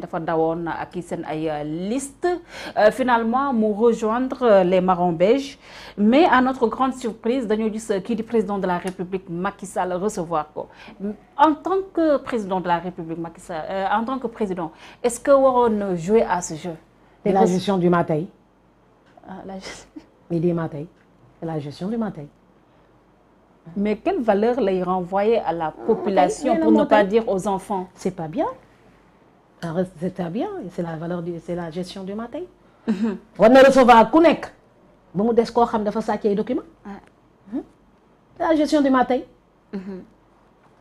dafa dawoon ak seen ay euh, liste euh, finalement mu rejoindre euh, les marrons beiges mais à notre grande surprise dañoo gis kii di président de la république Macky Sall recevoir ko en tant que président de la république Macky Sall en tant que président est-ce que waroon jouer à ce jeu. c'est la gestion du matin. ah la gestion. mais du matin c'est mais quelle valeur lay renvoyer à la ah, population. pour ne pas dire aux enfants. c'est pas bien. c'était bien c'est la valeur du c'est la gestion du matin. Mhm. war na recevoir ku nekk ba mu des koo xam dafa sàcc ay document mhm. c'est la gestion du matin. Mhm.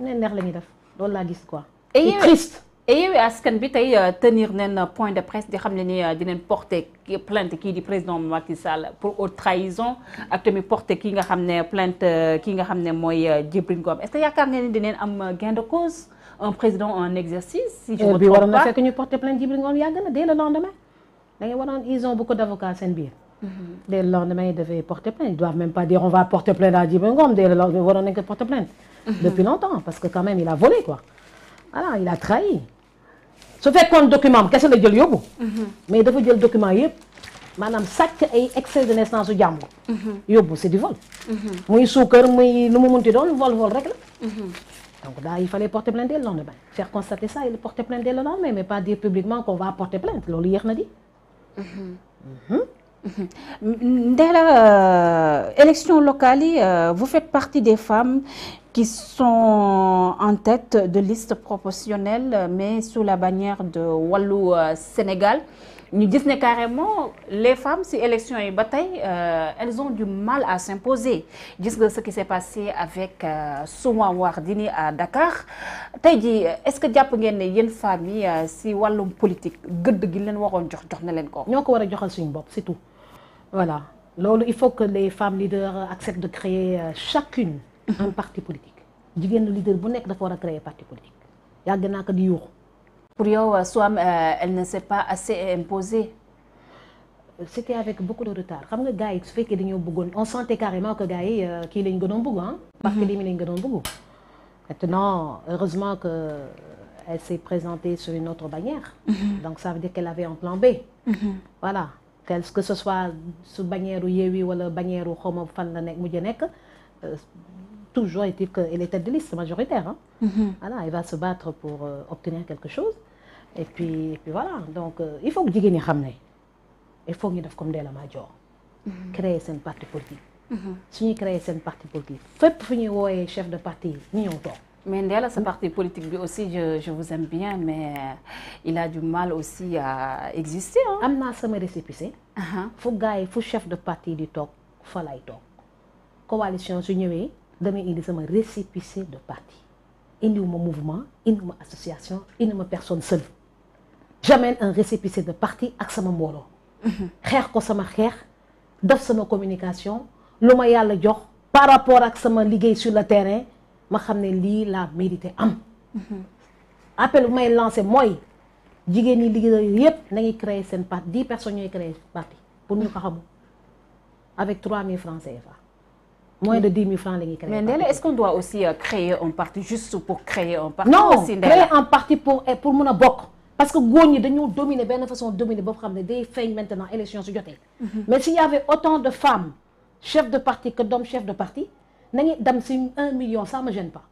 nee neex la ñuy def loolu la gis quoi. et triste. et Yewwi Askan Wi tey euh, tenir nen euh, point de presse di xam ne di euh, dinañ porter plainte kii di président Macky Sall pour haute trahison ak tamit porter kii nga xam ne plainte ki nga xam ne mooy Djibril Ngom est-ce que yaakaar ngeen ni dinañ am gain de cause. un président en exercice. si je eh, me na fekk ñu porter plainte Djibril Ngom yàgg na dès le lendemain. ils ont beaucoup d'avocats seen mm-hmm. dès le lendemain ils devaient porter plainte ils doivent même pas dire on va porter plainte à Djibril Ngom dès le lendemain waroon nañ ko porter mm-hmm. depuis longtemps parce que il a volé quoi. voilà il a trahi. su fekkoon document am kese la jël yóbbu. Mm-hmm. mais dafa jël yëpp. maanaam sàcc ay excès de naissance su jàmbur. yóbbu c'est du vol. muy suukar muy lu mu munti doon vol vol rek Donc là, il fallait porter plainte dès le lendemain. Faire constater ça et le porter plainte dès le lendemain, mais pas dire publiquement qu'on va porter plainte. Loolu yéex na di. Mm-hmm. Mm-hmm. Mm-hmm. Ndella euh, élection locale yi euh, vous faites partie des femmes qui sont en tête de liste proportionnelle mais sous la bannière de Wallu euh, Sénégal ñu gis ne carrément les femmes si élection yi ba tey euh, elles ont du mal à s'imposer gis nga ce qui s'est passé avec euh, Souma Wardini à Dakar tey jii est-ce que jàpp ngeen ne yéen femmes yi si wàllum politique gëdd gi leen waroon jox jox na leen ko. ñoo ko war a joxal suñu bopp c'est tout voilà loolu il faut que les femmes leaders acceptent de créer chacune un mhm. parti politique. jigéenu leader bu nekk dafa war a créer parti politique yàgg naa ko di yuuxu. pour yow euh, Soham euh, elle ne s'est pas assez imposée. c'était avec beaucoup de retard xam nga gars su fekkee dañoo bëggoon on sentait carrément que gars yi euh, kii lañ gënoon bëgg ah. Mhm. parce que lii mi lañ gënoon bëgg. maintenant heureusement que elle s'est présentée sur une autre bannière. Mhm. donc ça veut dire qu'elle avait un plan B. Mhm. voilà que ce soit su bannière u Yewwi wala bannière u xaw ma toujours est-il qu'elle est tête de liste majoritaire. Hein? Mm -hmm. voilà, elle va se battre pour euh, obtenir quelque chose. Et voilà, donc euh, il faut que jigéen ñi xam ne il faut ñu def comme Ndella Madior. Mm-hmm. créer seen parti politique. Mm-hmm. su ñuy créer seen parti politique fépp fu ñuy wooyee chef de parti ñu ñëw toog. mais Ndella sa mm-hmm. parti politique bi aussi je je vous mais euh, il a du mal aussi à exister am na sama récépissé. Uh-huh. fu gars yi fu chef de parti di toog fa lay toog coalition su damay indi sama récépissé de parti indiwuma mouvement indiwuma association indiwuma personne seule j'amène un récépissé de parti ak sama mbooloo xeex ko sama xeex def sama communication lu ma yàlla jox par rapport ak sama liggéey sur le terrain ma xam ne lii laa mérité am appel bu may lancé mooy jigéen ñi liggéey yëpp nañuy créer seen parti dix personnes ñooy créer parti pour ñu ko xamul avec moins de 10 000 francs la ñuy euh, créer. un parti juste pour créer un parti. non créer un parti pour eh, pour mun a bokk. parce que góor ñi dañoo dominer benn façon dominer boo xam ne day feeñ maintenant élection su jotee. Mhm. mais s'il y avait autant de femmes chefs de parti que d'hommes chefs de parti nañu dem si un million ça me gêne pas.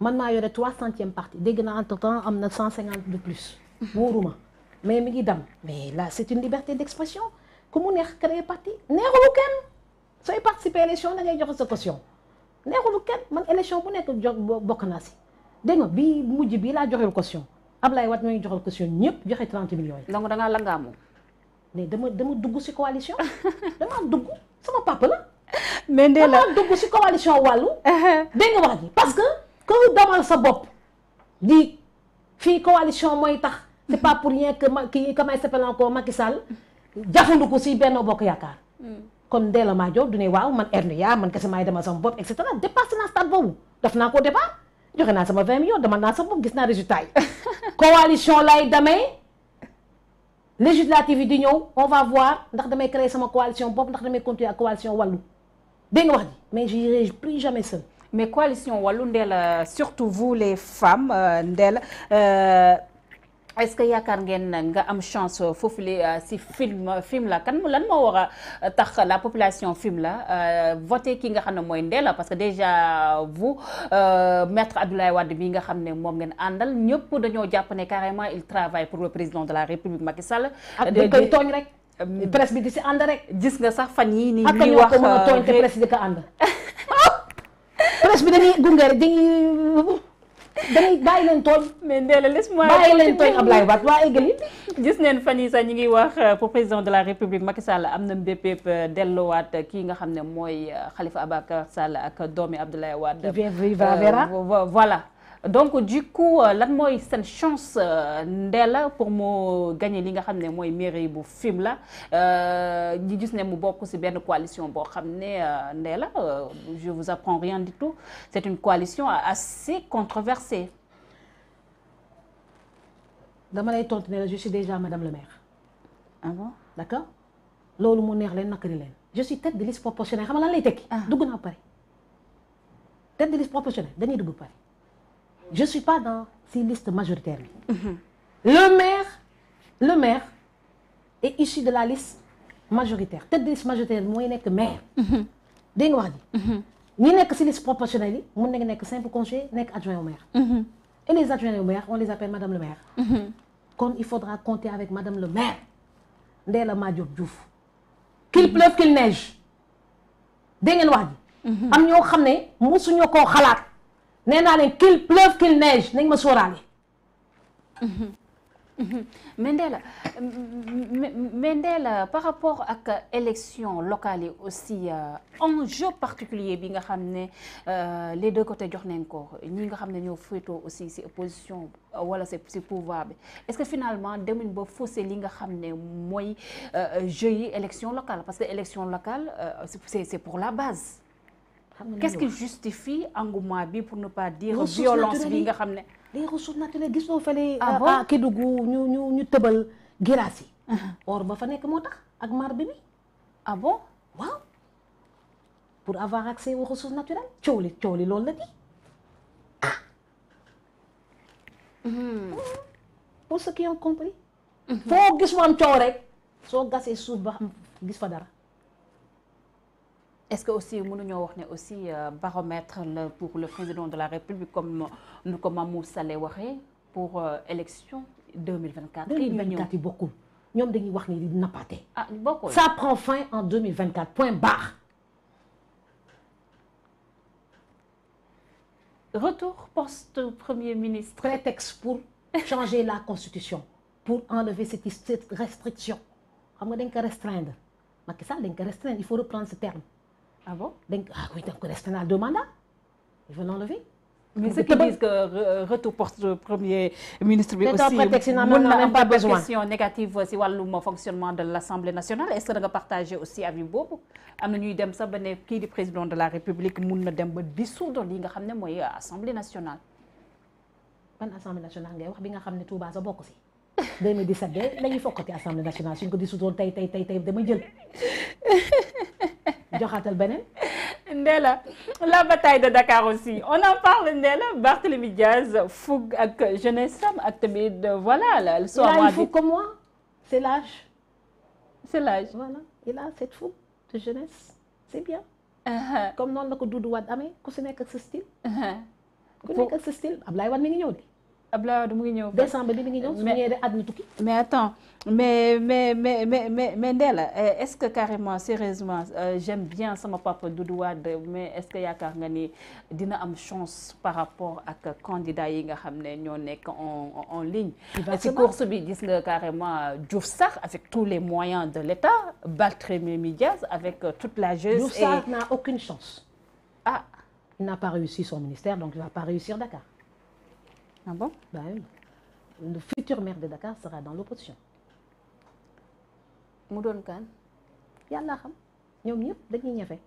man maa yore trois centième parti dégg naa entre temps am na cent cinquante de plus. Mhm. wóoruma mais mi ngi dem mais là c'est une liberté d'expression ku mu neex créer parti participer élection da ngay joxe sa caution neexulu kenn man élection bu nekk jox bokk naa si dégg nga bii mujj bii laa joxeel caution Ablaye Wade ñoo ngi joxal caution ñëpp joxe 30 millions yi. donc da la ngaa moom. mais dama dama dugg si coalition damaa dugg sama papa mais ndee la damaa dugg si coalition wàllu. dégg wax ji parce que ku damal sa bopp di fii coalition mooy tax. c'est pas pour rien que ma kii comment il s'appelle encore Macky Sall jafandu ko si Benno Bokk Yaakaar. Mm. kon Ndella Madior du ne waaw man hernia man kese maay demal sama bopp et cetera dépassé naa stade boobu def naa ko départ joxe naa sama 20 millions demal naa sama bopp gis naa résultat yi. coalition lay damay législative yi di ñëw on va voir ndax damay créer sama coalition bopp ndax damay continuer ak coalition wàllu dégg nga wax ji mais j'irai plus jamais seul. mais coalition wàllu Ndella surtout vous les femmes euh, Ndella. Euh, est-ce que yaakaar ngeen nga am chance foofu li euh, si film film la kan lan moo war euh, tax la population film la euh, voté ki nga xam ne mooy Ndella parce que déjà vous maître Abdoulaye Wade bi nga xam ne moom ngeen àndal ñëpp dañoo jàpp ne carrément il travaille pour le président de la République Macky Sall. ak dañ koy tooñ rek. presse bi di si ànd rek. gis nga sax fan yii nii. ñuy wax ak ko mën a tooñ te presse bi dañuy gunge rek damay bàyyi leen tooñ. mais Ndella laisse-moi bàyyi leen tooñ Ablaye Wade waa eggali. gis neen fan yii sax ñu ngi wax euh, pour président de la république Macky Sall am na mbépp euh, delluwaat kii nga xam ne mooy euh, Khalifa Abacar Sall ak doomi Abdoulaye Wade. voilà. donc du coup euh, lan mooy seen chance euh, Ndella pour mu gagné li nga xam ne mooy mairie bu Fimela euh, ñi gis ne mu bokk si benn coalition boo xam ne Ndella je vous apprends rien du tout c'est une coalition assez controversée dama lay tontu ne la je suis déjà madame le maire. ah bon d'accord loolu mu neex leen nakari leen. je suis tête de liste proportionnelle xam lan lay tekki. Ah. dugg naa pare. tête de liste proportionnelle dañuy dugg pare. je suis pas dans ces listes majoritaires le maire le maire est issu de la liste majoritaire tête de liste majoritaire bi mooy nekk maire dégg nga wax ji ñi nekk si liste proportionnelle yi mun nañ nekk simple conseiller nekk adjoint au maire et les adjoints au maire on les appelle madame le maire kon il faudra compter avec madame le maire Ndella Madior Diouf qu'il pleuve qu'il neige dégg ngeen wax ji mhm. am ñoo xam ne mosuñoo koo xalaat nee naa leen qu'il pleuve qu'il neige nañ ma sóoraale. mais Ndella par rapport ak élection locale yi aussi euh, enjeu particulier bi nga xam ne euh, les deux côtés jox nañ ko ñi nga xam ne ñoo féetoo aussi ci opposition wala ci pouvoir bi est-ce que finalement demuñ ba faussé li nga xam ne mooy euh, jeu yi élection locale parce que élection locale c'est c'est pour la base. qu'est-ce qui justifie engouement bi pour ne pas dire violence bi nga xam ne les ressources naturelles gisoo fële ah euh, à Kédougou ñu ñu ñu tëbal giraas yi uh-huh. or ba fa nekk moo tax ak marbre bi ah bon waaw pour avoir accès aux ressources naturelles coow li coow loolu la di ah. hmm. Hmm. pour ceux qui ont compris hmm. foo gis mu am coow rek soo gasee suuf ba xam gis fa dara est-ce que aussi mënuñoo wax ne aussi euh, baromètre la pour le président de la République comme nu ko Mamou Saleh waxee pour euh, élection 2024. 2024 yi bokkul ñoom dañuy wax ni di nappaate. ah bokkul ça prend fin en 2024 point barre. retour poste premier ministre. prétexte pour changer la constitution pour enlever cette cette restriction xam nga dañ ko restreindre Macky Sall dañ ko restreindre il faut reprendre ce terme. ah bon dañ ko ah a donc reste naa deux mandats ils veulent l'enlever. Euh, retour premier ministre bi aussi euh, mën na am pas besoin question négative si wàllum fonctionnement de l'Assemblée nationale est-ce que da nga partagé aussi avis boobu am na ñuy dem sax ba ne kii di président de la République mun na dem ba dissoudre li nga xam ne mooy Assemblée nationale ban Assemblée nationale ngay wax bi nga xam ne Touba sa bokk si 2017 de la ñuy fokkati tey tey tey tey damay jël joxaatal bene Ndella la bataille de Dakar aussi on en parle Ndella Barthélémy Diaz fougue ak jeunesse ak tamit voilà. la soo amaat il a une fougue comme moi c'est l'âge. c'est l'âge voilà il a cette de jeunesse c'est bien. Uh-huh. comme noonu la ko Doudou Wade amee ku si nekk ak sa style. Uh-huh. ku nekk ak sa style Ablaye Wade mi ngi ñëw de. Abdoulaye Wade mu ngi ñëw. décembre bi mi ngi ñëw su ñëwee at mi tukki. mais attends mais mais mais mais mais Ndella eh, est-ce que carrément sérieusement euh, j'aime bien sama papa Doudou Wade mais est-ce que yaakaar nga ni dina am chance par rapport ak candidat yi nga xam ne ñoo nekk en en ligne. ci course bi gis nga carrément Diouf Sarr avec tous les moyens de l'État Barthélémy Diaz avec euh, toute la jeunesse. Diouf Sarr n'a aucune chance. ah. il n'a pas réussi son ministère donc il va pas réussir Dakar. Ah bon Bah oui. Le de Dakar sera dans l'opposition. mu doon kan. yàlla xam ñoom ñëpp dañuy ñafe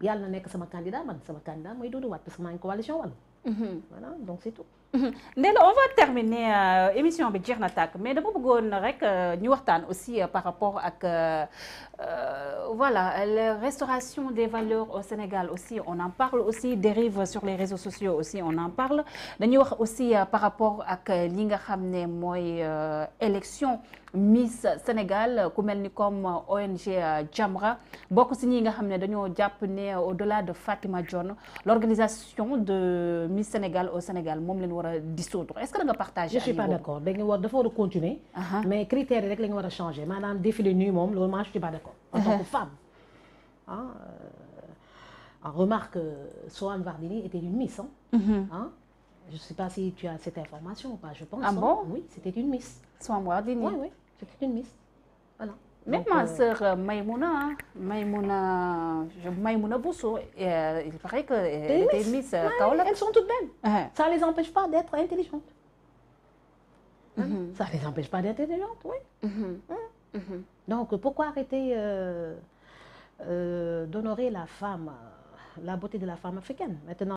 yàlla nekk sama candidat man sama candidat mooy Doudou Wade parce que maa ngi coalition Wallu. Mhm. donc c'est tout. Mhm. Ndella on va terminer euh, émission bi jeex na tàkk mais dama bëggoon rek euh, ñu waxtaan aussi euh, par rapport ak. voilà, la restauration des valeurs au Sénégal aussi, on en parle aussi, dérive sur les réseaux sociaux aussi, on en parle. Dañuy wax aussi euh, par rapport ak euh, li nga xam ne mooy euh, élection Miss Sénégal ku mel ni comme ONG Jamra bokk si ñi nga xam ne dañoo jàpp ne au-delà de Fatima Dione l'organisation de Miss Sénégal au Sénégal moom leen war a dissoudre est-ce que da nga partagé. Uh-huh. je suis pas d'accord a continuer. mais critères yi rek la ñu war a changer défilé nu moom loolu maa je suis en tant que uh-huh. femme. Hein, euh, en remarque, euh, Sohan Vardini était une Miss. Hein, mm -hmm. hein je ne sais pas si tu as cette information ou pas, je pense. Ah bon Oui, c'était une Miss. Sohan Vardini Oui, oui, c'était une Miss. Voilà. Même Donc, ma euh, sœur euh, Maïmouna, Maïmouna, Maïmouna Bousso, euh, il paraît qu'elle euh, eh était miss. une Miss. Ouais, elles sont toutes belles. Uh-huh. Ça ne les empêche pas d'être intelligentes. Mm -hmm. Ça ne les empêche pas d'être intelligentes, oui. Mm -hmm. Donc, pourquoi arrêter euh, euh, d'honorer la femme, la beauté de la femme africaine Maintenant,